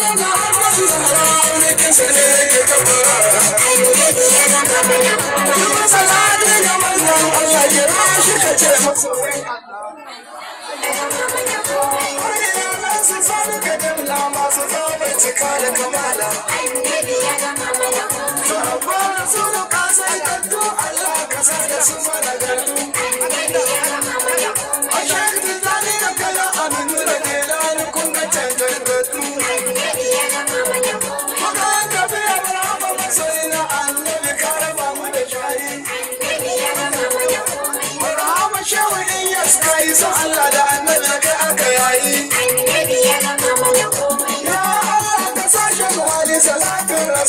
I'm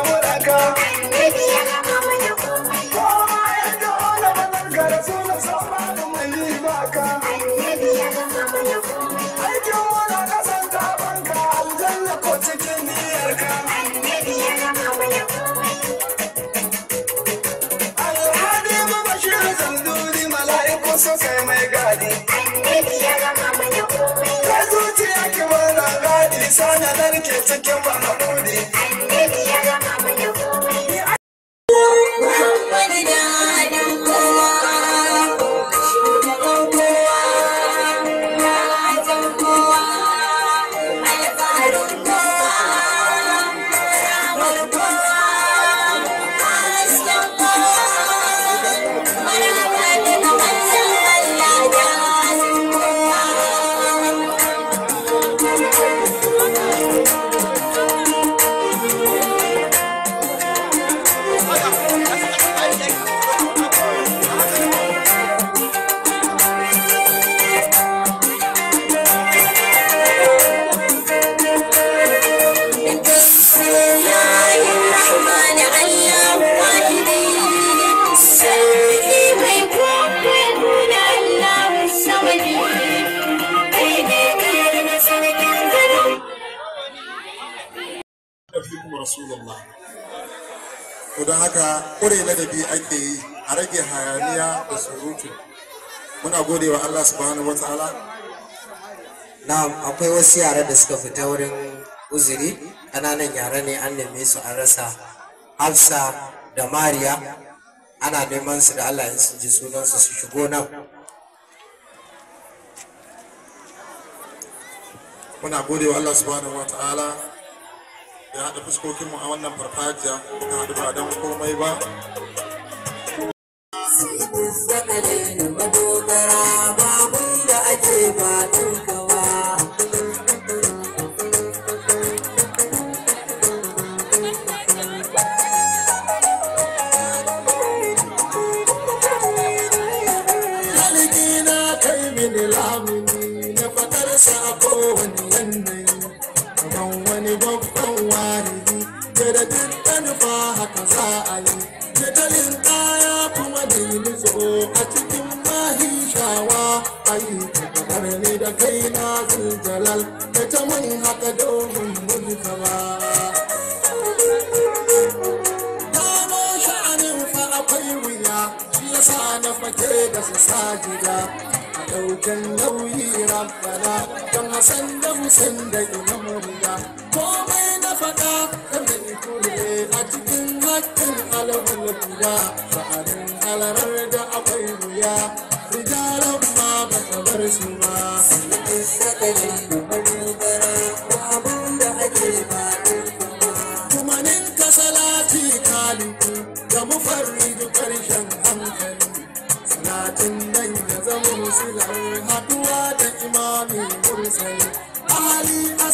i ka. Baby, ya gama isa na narke cikin mahamudi annabi ya gama mana komai rasulullah to don haka kure ladabi ake yi a rage hayaniya da surutu muna gode wa Allah subhanahu ta'ala na akwai wasu yara da suka fita wurin uzuri ƙananan yara ne an neme su an rasa hafsa da mariya ana neman su da Allah in sun ji sunansu su shigo nan muna gode wa Allah subhanahu ta'ala ya haɗa fuskokinmu a wannan farfajiya ta haɗu ba don komai ba kai mini lamini na fatar sa kowane ta mun haka domin mulka ba dama sha'anin fa akwai wuya shi yasa na fake da su sajida a ɗaukan nauyi rabbana don hasan da musin da imam murya komai na faɗa da mai kure a cikin hakkin alhul wuya sha'anin alarar da akwai wuya rijalan ma ba ka bar su ba.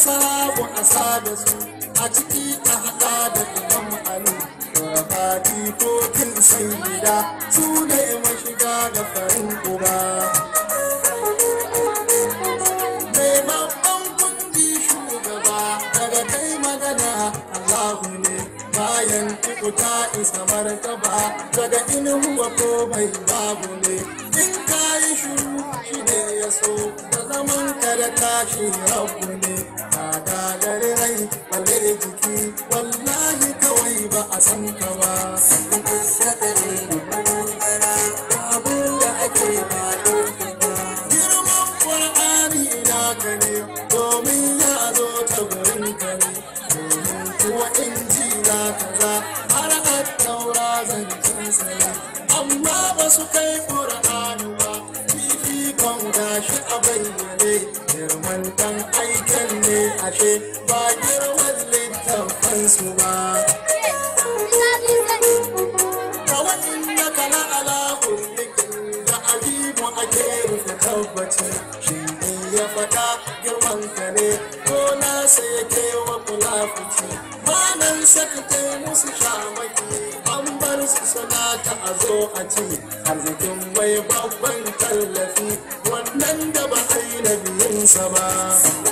babu a sada su a ciki a haɗa da imam ali da jikokin gida su ne mashiga da farin uba mai babban kundi shugaba daga kai magana allahu ne bayan ta isa martaba daga inuwa ko mai babu ne in kayi shuru shi ne ya so da zaman kada tashi rabu ne gagare rai bare jiki wallahi kawai ba a san ka ba zaɓe ba girman littafansu ba. Ka wanda kana ala kullikin da alimu ake rufe tabbaci shi ne ya faɗa girman ka ne ko na sai ke wa kula fice. Manan sakatai musu shamaki an bar su suna ta a zo a ci arzikin mai babban tallafi wannan da ba a na biyunsa ba.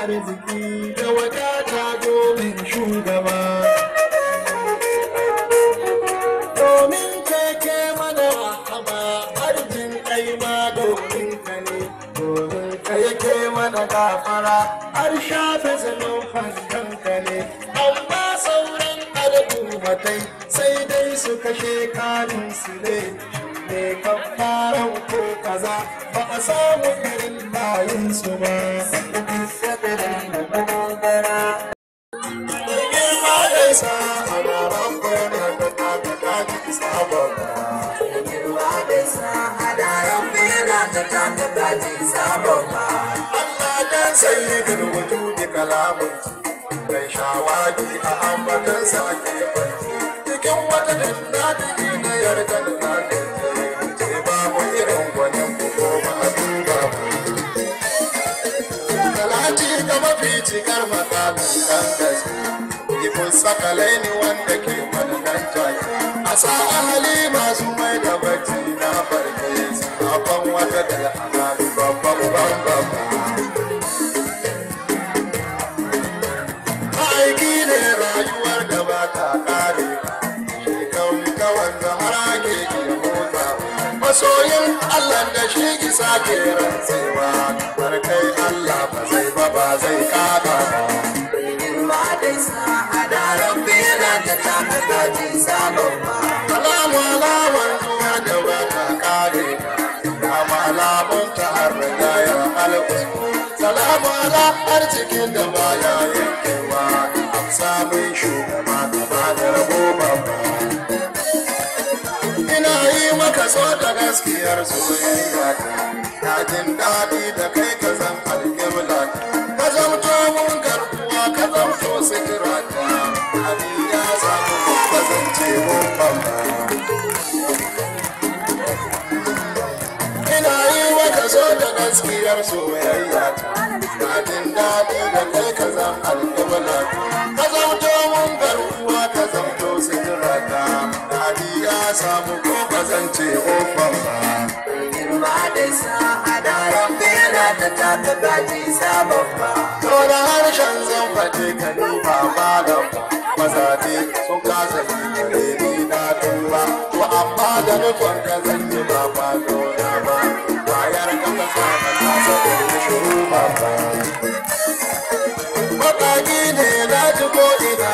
arziki da wadata domin shugaba. Domin keke mana rahama arjin kaima domin ka ne, domin ka yake mana gafara har shafe zanofan kanka ne. Amma sauran sai dai su kashe kanin su ne. ne kamfaran ko kaza ba a samu irin bayan su ba. Girma da isa ana rabbana da ta ta ta ta isa babba. da isa ana rabbana da a ambatan sake barci cikin wata dinna da na yarda da na shigar makamin ta gaske ibun sakalai ne wanda ke wani dan jaki a sa'ali masu mai da bacci na farke wata da soyin Allah da shi ki sake rantsewa kai Allah ba zai ba ba zai kaba ba ma dai sa da rabbi yana ta da ji sabon ba alamu alawan tuwa da ba ta kare ka ma labun ta an ya salamu ala arzikin da ba ya yankewa an samun shugaba ba da rabo ba. so da gaskiyar soyayya ta na jin daɗi da kai ka zan alƙibla ka zamto mun garkuwa ka zamto sikira ta abin ya samu ba zan ce mun bamba ina yi wa ka so da gaskiyar soyayya ta na jin daɗi da kai ka zan alƙibla ka zamto mun garkuwa ka zamto sikira samu ko ba zan ce ofan ba girma da sa a daren yana da taka gaji sabon ba to da harshen zan ka mazaje sun kasa ni na amma da ka zan ba ba ba bayar ka sa ka da ba ne na ji ko ina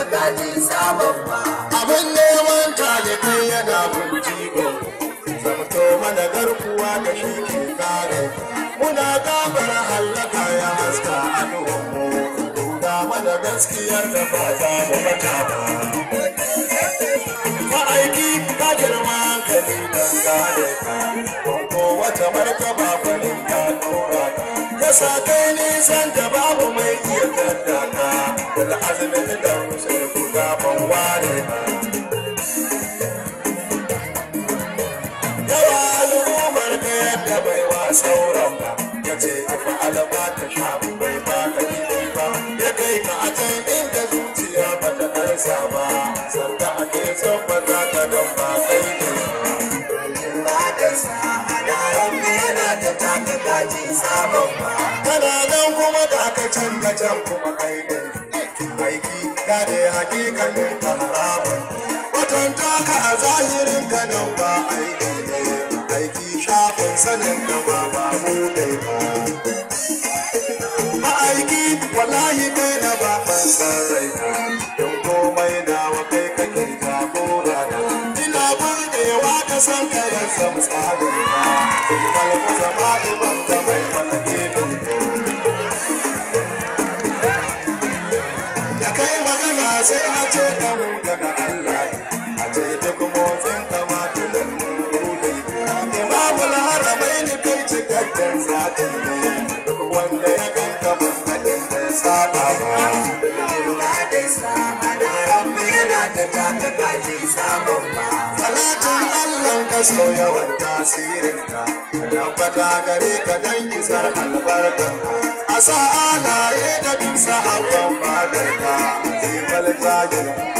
ka kaji sabon abin neman ta da yana burji zamto mana garkuwa da shi ke kare muna gabar hallaka ya haska anuwanmu duba mana gaskiyar da ba ta mu mata ba ma'aiki ka girma ka ne don ka ko wata martaba farin ta dora ka na sa kai nisan da babu mai iya daddaka da azumin da musulmi guda ban ware ba yawa al'ummar ka yadda bai wa sauran ba ya ce tafi alama ta sha bai ba ka ba ya kai ka a can inda zuciya ba ta ba sanda ake son ba za ka don ba kai ne ba kana nan kuma da aka canza can kuma kai da aiki ga da hakikalin ka haramun kwatanta ka a zahirin ka nan ba aiki ne aiki shafin sanin ka ba ba mu dai ba ma'aiki wallahi kai na ba fansar rai don komai da wa kai kake jagora da san kare samu tsarin ba malamu zama kai magana sai a ce da mu daga Allah a ce duk motsin kama tunan rudi imamul haramai ne kai cikakken sati ne da saba ba Salatin san kaso yawan tasirinka na fata gare ka dan kisar albarka a sa'a na da bisa abban madarka zai falta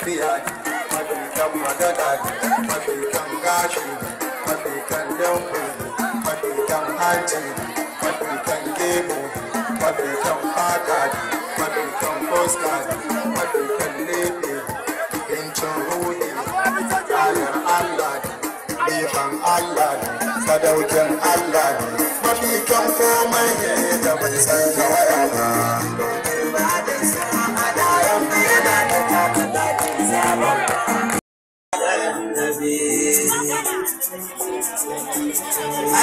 tafiya mafi kan magana mafi kan gashi mafi kan dambe mafi kan hanci mafi kan gebo mafi kan fata mafi kan fuska mafi kan lebe incin ruhi ayar allah ɗifan allah sadaukin allah mafi kan komai ne da bai san ba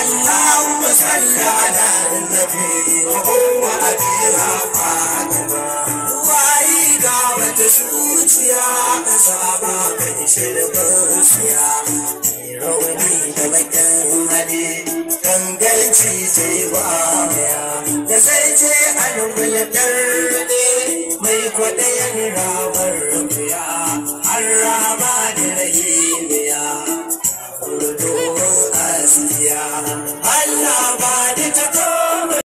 اللهم صل على النبي وقم أبيها فاطمة وعيدا وتسوتيا أصابا من شربوسيا rauni da bakin hali gangarci sai waya da sai ce alwulatar ne mai kwaɗayen rawar Allah ba ni